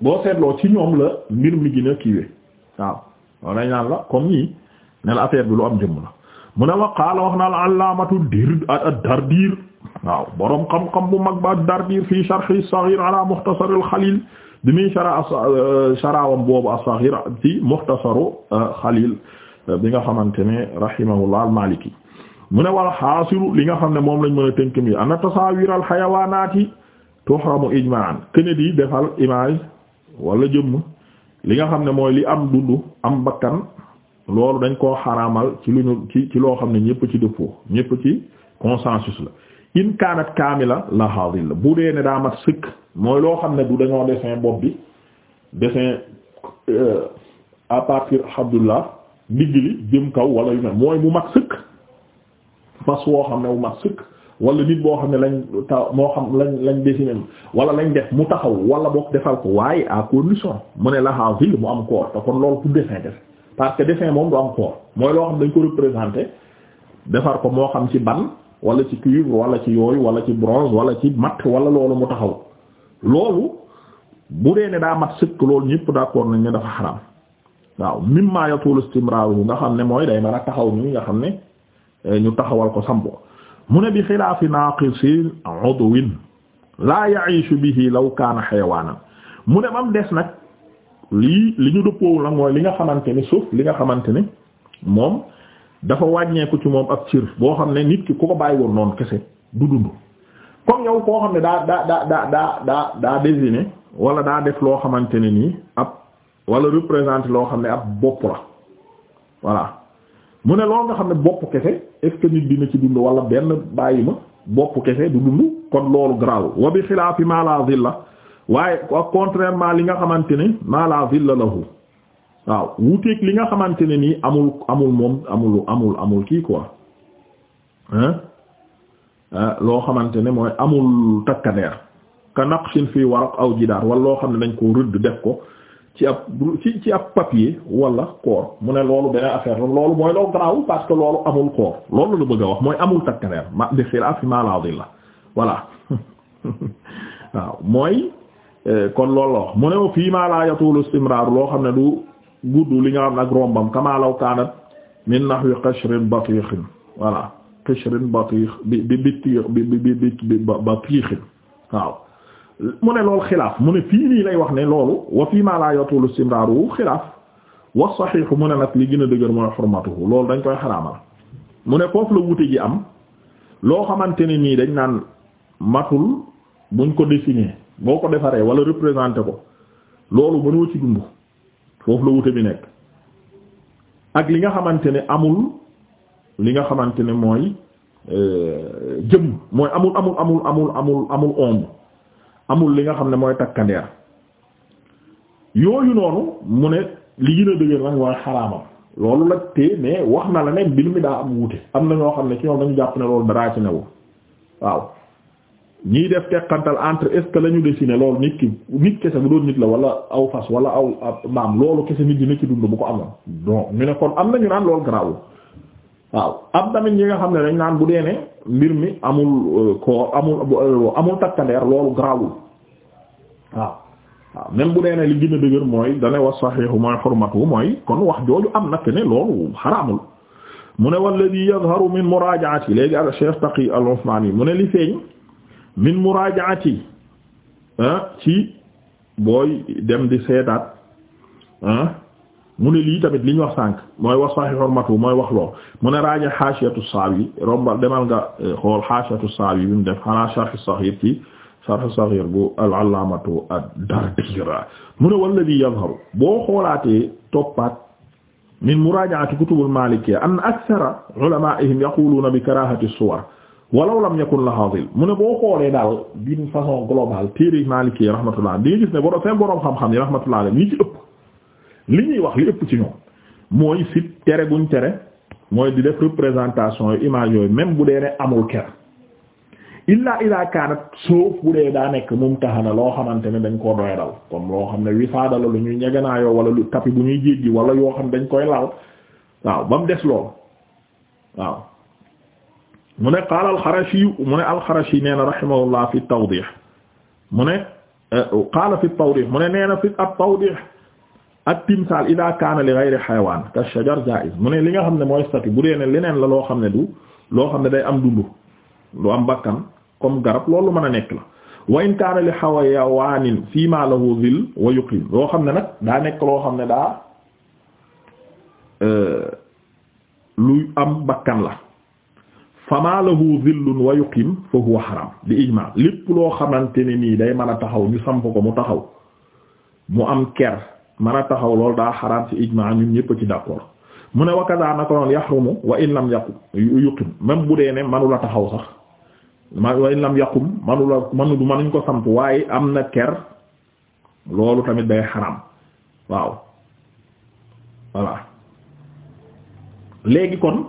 boo seetloo ci ñoom la mbir mi gën a kiiwe waaw loolu lañ naan la comme nii ne la affaire bi lu am jëmm la mu ne wa qaala wax na al allaamatu dir ad-Dardiir waaw boroom xam-xam bu mag ba ad-Dardiir fii sharhi as-Saghiir ala Mukhtasar al-Khaliil euh, boobu as-Saghiir fi Mukhtasar khaliil euh, bi nga xamante ne rahimahullah al-Maliki mu ne wal xaasiru li nga xam ne moom lañ mën a tënk mi ana tasawir al xayawaanaati tuhramu ijmaan kene di defal image wala jëmm li nga xam ne mooy li am dund am bakkan loolu dañ koo xaraamal ci lu ñu ci loo xam ne ñëpp ci dëppoo ñëpp ci consensus la in kaanat kaamila la haadil la bu dee ne daa sëkk mooy loo xam ne du dañoo dessin bopp bi dessin euh, à partir ndigg li jëm kaw wala yu mel mooy mu mat sëkk fas woo xam ne mu mat sëkk wala nit boo xam ne lañ ta moo xam lañ lañ dessiné wala lañ def mu taxaw wala boog defal ko waaye à condition mu ne la en ville mu am corps te kon loolu ku dessin def parce que defee moom du am corps mooy loo xam ne dañ ko représenter defar ko moo xam ci ban wala ci cuivre wala ci yooyu wala ci bronze wala ci mat wala loolu mu taxaw loolu bu dee ne daa mat sëkk loolu ñëpp d'accord nañ ne dafa xaram waaw mimma yatul istimraaruhu nga xam ne mooy day mën a taxaw nii nga xam ne eh, ñu taxawal ko sampo mu ne bi xilaafi naaqisin udwin laa ya'ishu bihi law kaana xayawaanan mu ne bam des nag lii li ñu dëppoowu nag mooy li nga xamante ni suuf li nga xamante ni moom dafa wàññeeku ci moom ab cir boo xam ne nit ki ku ko bàyyi woon noonu kese du dund comme yow koo xam ne daa daa daa daa daa daa désigné wala daa def loo xamante ne nii ab wala représenter loo xam ne ab bopp la voilà mu ne loolu nga xam ne bopp kese est-ce que nit dina ci dund wala benn bàyyi ma bopp kese du dund kon loolu garaawul wa bi xilaafi ma la zilla waaye contrairement li nga xamante ne ma la zilla waaw wuuteeg li nga xamante ne nii amul amul moom amul amul amul kii quoi ah loo xamante ne mooy amul takkandeer ka naqshin fii waraq aw jidaar wala loo xam ne dañ ko rëdd def ko ci ab ci ci ab papier wala koor mu ne loolu beneen affaire la loolu mooy loolu garaaw parce loolu amul koor loolu la bëgg a wax mooy amul takkaneer ma de xilaa fi la la mooy euh, kon loolu la wax mu ne fii ma la yatulu istimrar loo xam ne du gudd li nga xam ne ak rombam kama law kaanat min nahwi qashrin batiixin voilà batiixin waaw mu ne loolu xilaaf mu ne fii lii lay wax ne loolu wa fii maa laa yotulu istimraaru xilaaf wa saxiixu mu ne nag li gën a dëgër mooy xurmatuhu loolu dañ koy xaraamal mu ne foofu la wute ji am loo xamante ne nii dañ naan matul buñ ko dessiner boo ko defaree wala représenter ko loolu mënoo ci dund foofu la wute bi nekk ak li nga xamante ne amul li nga xamante ne mooy euh, jëm mooy amul amul amul amul amul amul ombre amul li nga xam ne mooy takkandeer yooyu noonu mu ne li gën a dëgër nag mooy xaraamam loolu la tee mais wax na la ne mbir mi daa am wuti am na ñoo xam ne ci ñoom dañu jàpp ne loolu daraa ci newul waaw ñiy def teqantal entre est-ce que la ñu dessiné loolu nit ki nit kese bu doon nit la wala aw fas wala aw maam loolu kese nit dina ci dund bu ko amoon donc ñu ne kon am na ñu naan loolu garaawul waaw am tamit ñi nga xam ne dañ naan bu dee mbir mi amul euh, koor amul euh, amul takkandeer loolu garaawul waaw waaw même bu dee li gën a mooy dana wax saxiixu mooy xurmatu mooy kon wax jooju am na ne loolu xaraamul mu ne walladi yazharu min muraajaati léegi al cheikh taqi al usmani mu ne li feeñ min muraajaati ah, ci booy dem di seetaat ah mu ne lii tamit li ñu wax sànq mooy wax saxi xormatu mooy wax lool mu ne raaje xaasiyatu saawi rombal demal nga eh, xool xaasiyatu saawi bi mu def xanaa sharh saxiir ci sharh saxiir bu al-allaamatu ad-dardira mu ne walladi yadharu boo xoolaatee toppaat min muraajaati kutubul maalikiyya an akthara ulamaa'ihim yaquluuna bi karaahati suwar walaw lam yakun lahaa zill mu ne boo xoolee daal d'une façon globale téere maalikiyya rahmatullah di gis ne borom seen borom xam-xam yi rahmatullah alayhi ñi ci ëpp li ñuy wax li ëpp ci ñoom mooy sit tere guñ tere mooy di def représentation yu image yooyu même bu dee ne amul ker illaa illaa kaanat sauf bu dee daa nekk mum taxana loo xamante ne dañ koo doyadal comme loo xam ne wisaada la lu ñuy ñeganaayoo wala lu tapi bu ñuy jéggi wala yoo xam dañ koy laal waaw ba mu des lool waaw mu ne qaala alxarashi mu ne alxarashi nee na rahimahullah fi tawdih mu ne euh, qaala fi tawdih mu ne nee na fi at tawdih ak timsaal ida kaana li xayawaan ka shajar jaiz mu ne li nga xam ne mooy statut bu dee ne leneen la loo xam ne du loo xam ne day am dundu lu am bakkan comme garab loolu mën a nekk la wa in kaana li xayawaanin fii ma lahu wa yuqim loo xam ne nag daa nekk loo xam ne daa euh, lu am bakkan la fama lahu zillun wa yuqim fa huwa xaram bi ijma lépp loo xamante ne nii day mën a taxaw ñu samp ko mu taxaw mu am ker mën a taxaw loolu daa xaraam ci ijmaa ñun ñëpp ci d'accord mu ne wakasa na ko noonu yaxrumu wa in lam yaqum yuqim bu dee ne manula taxaw sax ma wa in lam yaqum manula manu du manuñ ko waaye am na ker loolu tamit day xaraam waaw voilà léegi kon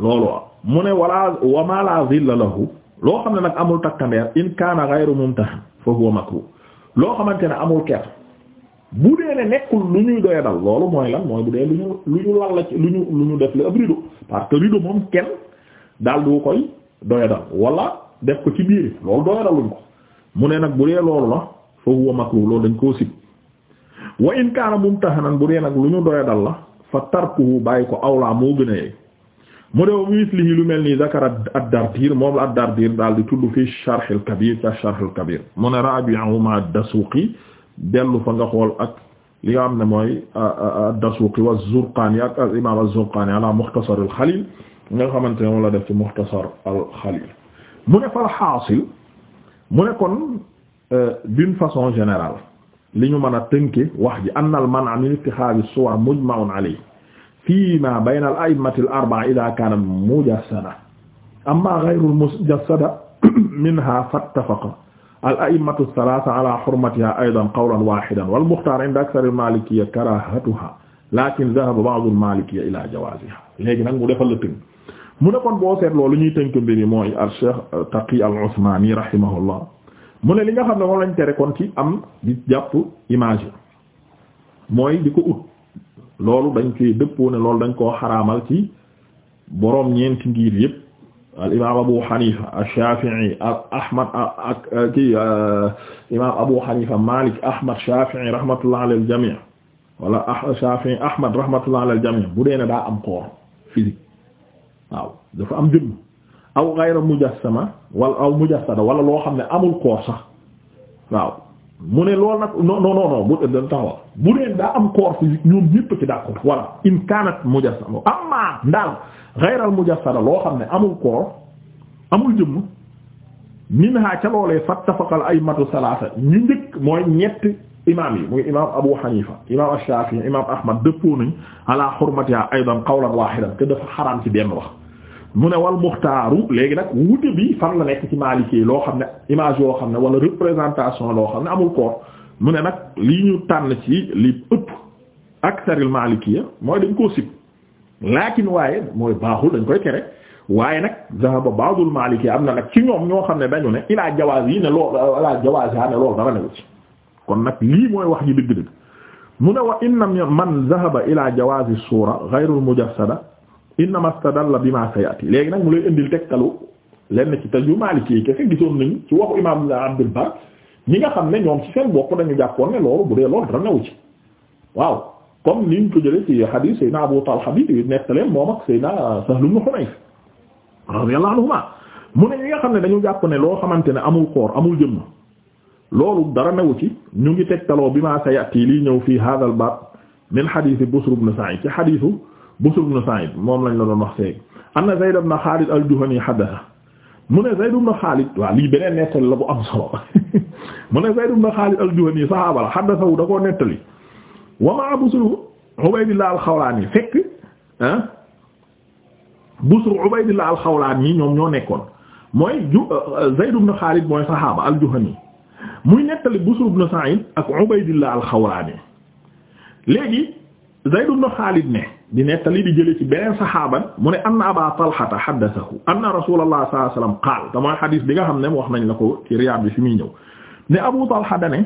loolu mu ne wala wa ma la zilla lahu loo xam ne nag amul takkandeer in kaana ghayru mumtahan huwa makruh loo xamante ne amul ker bu dee ne nekkul lu ñuy doyadal loolu mooy lan mooy bu dee lu ñu lu ñu lal la ci lu ñu lu def la ab rideau parce que rideau moom kenn daal koy doyadal wala def ko ci biir loolu doyadaluñ ko mu ne nag bu dee loolu la foofu wa makru loolu dañ koo sib wa in kaana mumtahanan bu dee nag lu ñu doyadal la fa tarkuhu bàyyi ko awlaa moo gën a yeey mu dew mislihi lu mel nii zakar ad-Dardir moom la ad-Dardir daal di tudd fi Sharh al-Kabir ca Sharh kabir mu ne rabi'uhuma ad-Dasuqi dellu fa nga xool ak li nga xam ne mooy ad-Dasuqi wa az-Zurqani ak al-imam az-Zurqani ala Mukhtasar al-Khalil nga xamante ne moom la def ci Mukhtasar al-Khalil mu ne fal xaasil mu ne kon euh, d'une façon générale li ñu mën a tënke wax ji anna al-man'a min ittixaadi as-suwar mujma'un alayhi fiima bayna al-a'immati al-arba'a idha kana mujassada amma ghayru al-mujassada minha fattafaqa al a'immatu salaasa ala hurmatiha aydan qawlan waahidan wal muxtaar inda aksar al maalikiyya karaahatuha laakin dhahaba ba'du al maalikiyya ila jawaaziha léegi nag mu defal la tënk mu ne kon boo seet loolu ñuy tënk mbir yi mooy al Cheikh Taqi al Usmaani rahimahullah mu ne li nga xam ne moom lañ tere kon ci am di jàpp image yi mooy di ko ut loolu dañ koy dëppoo ne loolu dañ koo xaraamal ci boroom ñeenti ngir yépp. al imaam Abu Hanifa ash-Shafi'i Ahmad ak kii uh, imaam Abu Hanifa Malik Ahmad Shafi'i rahmatullah ala al-jami' wala ah, Shafi'i Ahmad rahmatullah ala al-jami' bu dee ne daa am corps physique waaw dafa am jëmm aw ghayra mujassama wala aw mujassada wala loo xam ne amul corps sax waaw mu ne loolu nag non non non bu dee taxaw bu dee daa am corps physique ñoom ñépp ci d'accord wala in kaanat mujassama amma ndaal xayral mujassada loo xam ne amul koor amul jëmm minha ca loolee fattafaqal aymatu salaasa ñu njëkk mooy ñetti imaam yi muy imaam Abu Hanifa imaam Ash-Shafi'i imaam Ahmad dëppoo nañ ala hurmatiha aydan qawlan waahidan te dafa xaraam ci benn wax mu ne wal muxtaaru léegi nag wute bi fan la nekk ci Maliki loo xam ne image woo xam ne wala représentation loo xam ne amul koor mu ne nag lii ñu tànn ci li ëpp aksaril Malikiyya mooy dañ koo sib laakin waaye mooy baaxul dañ koy tere waaye nag zahaba ba'dul maliki am na nag ci ñoom ñoo xam ne dañu ne ilaa jawaaz yi ne lool ilaa jawaaz yaa kon nag lii mooy wax ji dëgg-dëgg mu ne wa inna man zahaba ila jawaazi suura ghayrul mujassada innama istadalla bima sayati léegi nag mu lay indil tegtalu lenn ci taju Maliki yi kese gisoon nañu ci waxu imaam Abdul Bar ñi nga xam ne ñoom ci seen bopp dañu jàppoon ne loolu bu dee loolu dara newu comme niñ ko jëlee ci hadith Seydina Abu Talha bi nettaleen moom ak Seydina Sahl ibn Hunayf radiyallahu anhuma mu ne ñi nga xam ne dañu jàpp ne loo xamante ne amul koor amul jëmm loolu dara newu ci ñu ngi tegtaloo bi maa sayati li ñëw fii hadha al bab min hadith Busr ibn Sa'id ci hadithu Busr ibn Sa'id moom lañ la doon wax seeg anna Zayd ibn Khalid al-Juhani hadatha mu ne Zayd ibn Khalid waaw lii beneen nettali la bu am solo mu ne Zayd ibn Khalid al-Juhani sahaaba la hadathahu da koo nettali wamaa busru Ubaydillah al-Xawlaani fekk ah busru Ubaydillah al ñoom ñoo nekkoon mooy ju euh, euh, Zayd ibn Xaalid mooy saxaaba al-Juhani muy nettali busru ibn Sa'iid ak Ubaydillah al-Xawlaani léegi Zayd ibn Xaalid ne di nettali di jëlee ci beneen saxaaban mu ne anna Abaa Talhata haddasahu anna Rasuulullah sallallahu alayhi wa sallam qaala te mooy xadiis bi nga xam ne wax nañ la ko ci Riyaad bi fi muy ñëw ne Abu Talha da ne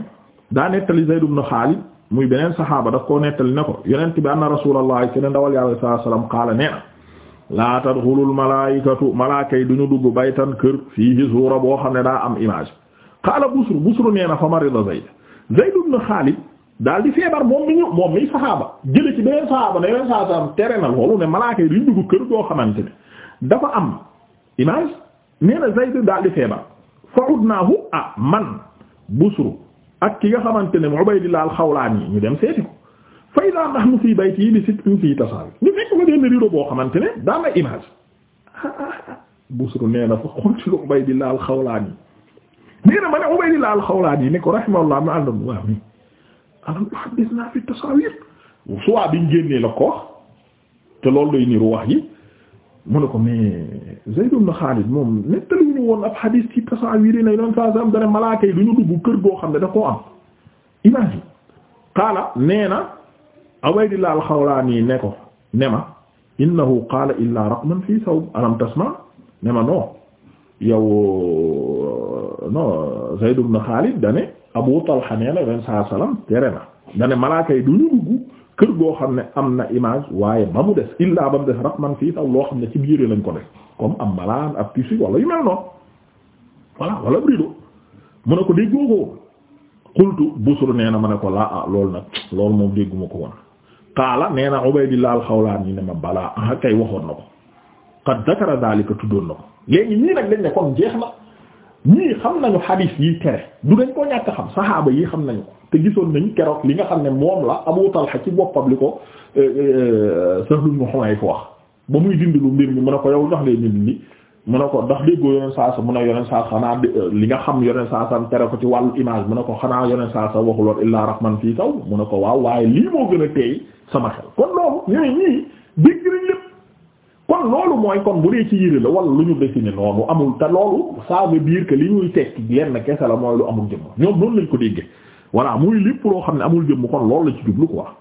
daa nettali Zayd ibn Xaalid muy beneen saxaaba daf koo nettali ne ko yonent bi anna rasulullah ci ne ndawal yàlla sallallahu alayhi wasallam qaala nee na laa tadxulul malaayikatu malaaka yi du ñu dugg kër fiihi suura boo xam ne daa am image qaala busru busru nee na fa marida zayd zayd ibn xaalid daal di feebar moom mi ñu moom miy saxaaba jële ci beneen saxaaba ne yonent sallallahu alayhi ne malaaka du ñu kër goo xamante ne dafa am image nee na zayd daal di feebar fa udnaahu ah, man busru ak ki nga xamante ne Ubaydillah al-Xawlaani ñu dem seeti ko fa idaa nahnu fii baytii bi sittin fii tasaawi ñu fekk ko benn rido boo xamante ne daan na image Busru nee na fa xultu Ubaydillah al-Xawlaani nee na ma ne Ubaydillah al-Xawlaani ne ko rahimahullah ma àndam waaw mi alam tuhaddithnaa fi tasaawiir suwaa biñ génnee ko loolu day niru wax yi mu ne ko mais Zayd ibn Xaalid moom kon ab xadiis ci tasawir yi ne doon saa saa am dana malaaka du ñu kër goo xam ne da koo am imagine qaala nee na laa al-Xawlaani ne ko ne ma innahu qaala illaa raqman fii sawb alam ma non yow uh, non Zayd ibn Xaalid dane Abu Talha nee na leen saa salaam tere na dane malaaka du ñu kër goo xam ne am na image waaye ba mu des illaa ba mu des raqman fii sawb loo xam ne ci biir lañ ko def comme am malaan ab tissu wala yu mel noonu voilà wala rido mu ne ko déggoo ko qultu busru nee na ma ne ko laa ah loolu nag loolu moom dégguma ko woon qaala nee na di laal xawlaan ni ne ma balaa ah kay waxoon na ko qad dakara daalika tuddoon na ko léegi ñii nag dañ ne kon jeex na ñii xam nañu xadiis yi tere du dañ ko ñàkk xam saxaaba yii xam nañu ko te gisoon nañ keroog li nga xam ne moom la Abu Talha ci boppam li ko eh, eh, Sahl ibn Hunayf wax ba muy dindi lu mbir mi mu ne ko yow jox lee ñu dindi mu ne ko ndax déggoo yoneen saasa mu ne yoneen saasa xanaa euh, li nga xam yoneen saasam tere ko ci wàllu image mu ne ko xanaa yoneen saasa waxuloon illaa rahman fii kaw mu ne ko waaw waaye lii moo gën a teey sama xel kon loolu ñooy ñii dégg nañ lépp kon loolu mooy kon bu dee ci yére la wala lu ñu dessiné noonu amul te loolu ça veut dire que li ñuy tekki lenn kese la mooy lu amul jëmm ñoom noonu lañ ko déggee voilà muy lépp loo xam ne amul jëmm kon loolu la ci jublu wa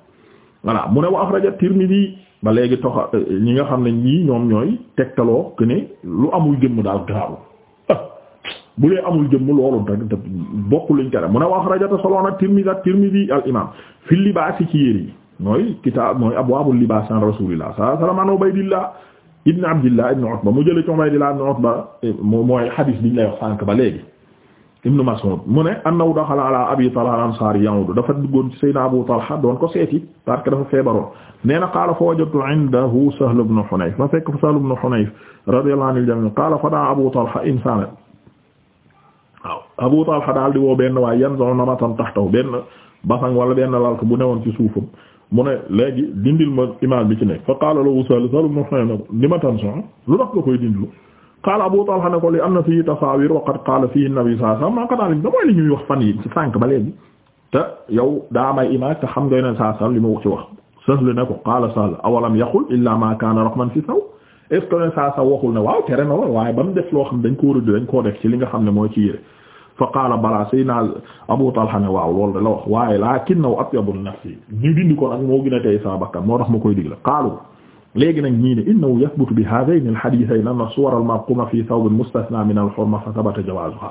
ba léegi toxa euh, ñi nga xam ne ñii ñoom ñooy tegtaloo que ne lu amul jëmm daal garaawul ah, bu lee amul jëmm loolu rek bokku luñ tere mu ne wax rajata soloona Tirmidhi Tirmidhi al imam fi libaasi ci yére yi mooy kitaab mooy abwaabul libaas an rasuulillah sallallahu alayhi wa sallam an Ubaydillah ibn Abdillah ibn Utba mu jële ci Ubaydillah ibn Utba eh, mooy xadiis biñ lay wax sànk ba léegi ibnu Mas'ud mu ne annahu daxala ala abi Talha al-Ansari ya'udu dafa duggoon ci Seydina Abu Talha doon ko seeti parce que dafa feebaroon nee na qaala fa wajadtu indahu Sahl ibn Hunayf ma fekk Sahl ibn Hunayf radiyallahu anil jami' qaala fa da'a Abu Talha insaanan waaw Abu Talha daal di woo benn waay yanza'u namatan tahtahu benn basang wala benn lal bu newoon ci suufam mu ne léegi dindil ma image bi ci nekk fa qaala lahu Sahl Sahl ibn Hunayf ne ko limatan lu tax nga koy dindilu qaala Abu Talha ne ko li am na fii tasawir wa qad qaala fihi nabi sallallahu alayhi wasallam qad alim damooy li ñuy wax fan yi sànq ba léegi te yow daa may image te xam nga yoneen saa sallam li mu ci wax Sahl ne ko qaala Sahl awalam yaqul illa ma kaana raxman fi saw est ce que yoneen saa sallam waxul ne waaw tere na lool waaye ba mu def loo xam ne dañ ko war a dañ koo def ci li nga xam ne mooy ci yére fa qaala balaa Seydina Abu Talha ne waaw loolu da la wax waaye lakinnahu atyabu nafsi ñu dindi ko nag moo gën a tey saa bakkan moo tax ma koy digle qaalu léegi nag ñii ne innahu yathbutu bi hadhayni al-hadithayn anna suwar al-marquma fi thawbin mustasna min al-hurma fa thabata jawazuha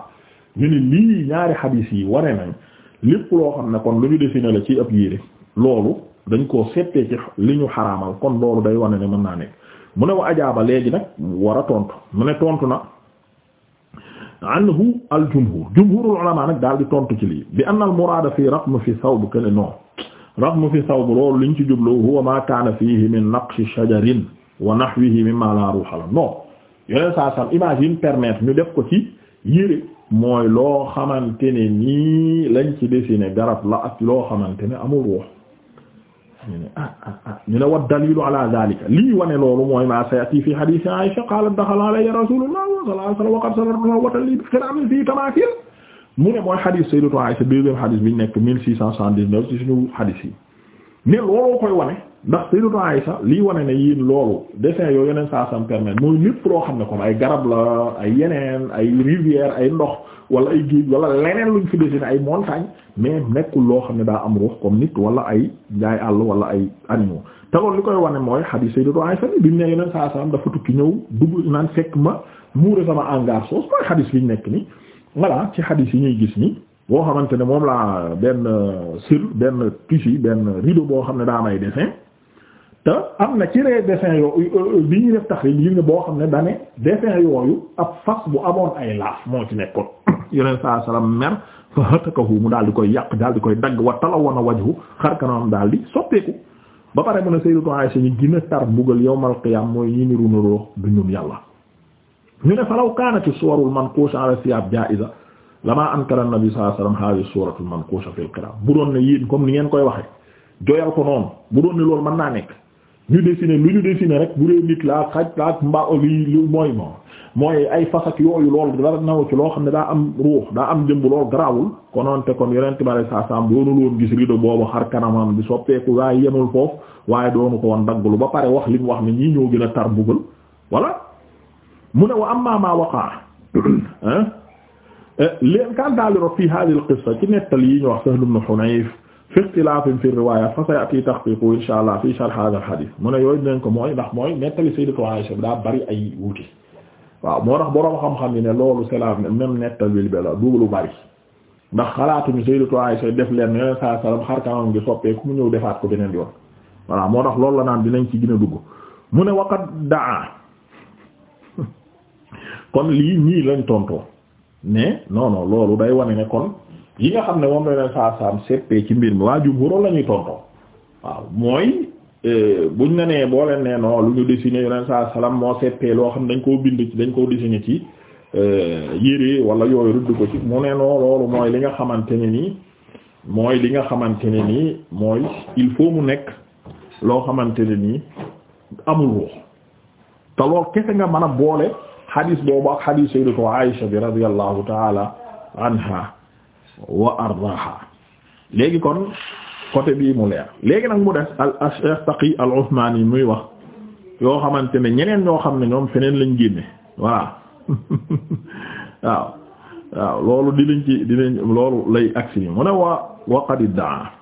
ñu ne lii ñaari hadith yi ware nañ lépp loo xam ne kon lu ñu defina la ci ab yére loolu dañ koo settee ci li ñu xaraamal kon loolu day wane ne mën naa nekk mu ne wa ajaaba léegi nag war a tontu mu ne tontu na anhu al jumhur jumhurul ulama nag daal di tontu ci lii bi anna al muraada fii raqm fi thawb kene non raxmu fi sawb loolu liñ ci jublu huwa ma kaana fiihi min naqshi shajarin wa nahwihi mimma la ruha la non yeneen saa sam image yi permettre ñu def ko ci yére mooy loo xamante ne nii lañ ci dessiné garab la ak loo xamante ne amul ruux ñu ne ah ah ah ñu ne wa dalilu ala zalika lii wane loolu mooy ma sayati fi hadith Aisha qalat dakhala alayya rasulullah sallallahu alayhi wa sallam wa qad salartu wa tali bi khiramin fi tamathil mu ne mooy xadis Sayyidatu Aisha deuxième xadis bi ñu nekk 1679 ci suñu xadis yi ne looloo koy wane ndax Sayyidatu Aisha lii wane ne yéen loolu dessin yooyu yeneen saa sam permettre mooy lépp loo xam ne comme ay garab la ay yeneen ay rivière ay ndox wala ay géej wala leneen luñ fi dessiné ay montagne mais nekkul loo xam ne daa am ruux comme nit wala ay njaay àll wala ay animaux te loolu li koy wane mooy xadis Sayyidatu Aisha bi mu ne yeneen saa sam dafa tukki ñëw dugg naan fekk ma muure sama angaar soos mooy xadis biñ nekk ni voilà ci xadiis yi ñuy gis ni boo xamante ne moom laa benn euh, sur benn tissu benn rideau boo xam ne daa may dessin te am na ci ree dessin yooyu euh, euh, bi ñu def tax yi gis nga boo xam ne dane dessin yooyu ab fas bu amoon ay laaf moo ci nekkoon yeneen saa salaam mer fa hatakahu mu daal di koy yàq daal di koy dagg wa talawana wajhu xar kanam daal di soppeeku ba pare mën a Sayyidatu Aisha ñu gën a tar mbugal yawmal qiyaam mooy ñi niru niroo du ñun yàlla ñu ne falaw kaanati suwarul manquusha ala siyaab jaa'iza lamaa ankara nabi sallallahu alayhi wasallam hadhihi suratul manquusha fil qira'a bu doon ne yéen comme ni ngeen koy waxe joyal ko noonu bu doon ne loolu mën naa nekk ñu dessiner lu ñu dessiner rek bu dee nit laa xaj laa mbaa li lu mooy moom mooy ay fasak yooyu lool da naw ci loo xam ne daa am ruux daa am jëmb lool garaawul konoonte kon yonent bari saa saam doonul woon gis rido boobu xar kanamam bi soppeeku waaye yemul foofu waaye doonu ko woon daggulu ba wax li mu wax ne ñii ñoo gën a mu ne wa amma ma waqaa leen kantaali rot fi hadhihi al qissa ci nettal yi ñu wax Sahl ibn Hunayf fi ixtilaafin fi riwaaya fa sayati tahqiqu mu ne yooyu dinañ ko mooy ndax mooy nettali sayyidatu Aisha daa bari ay wuute waaw moo tax boroom xam-xam yi ne loolu c'est la même nettal bi la du lu bari ndax xalaatuñu sayyidatu Aisha def leen yeneen saa salaam xar kanam gi soppee mu ñëw defaat ko beneen yoon voilà moo tax loolu la naan dinañ ci gën a dugg mu ne waqad kon lii ñii lañ tontoo mais non loolu day wane ne kon yi nga xam ne moom la saa ci mbir mi waa jumhur la ñuy tontoo waaw mooy e, buñ ne nee boo leen nee noonu lu ñu dessiné yu leen saa salaam moo seppee loo xam ne dañ koo bind ci dañ koo dessiné ci e, yére wala yooyu rudd ko ci mu ne non loolu mooy li nga xamante ne nii mooy li nga xamante ne nii mooy il faut mu nekk loo xamante ne nii amul ruux te loolu kese nga mën a boole. xadis boobu ak ko sayyidatu Aisha bi radiyallahu taala anha wa ardaha léegi kon côté bii mu leer léegi nag mu de al Cheikh Taqi al Usmani muy wax yoo xamante ne ñeneen ñoo xam ne ñoom feneen lañ génne voilà waaw loolu di lañ ci loolu lay agsi mu ne waa waqad iddaa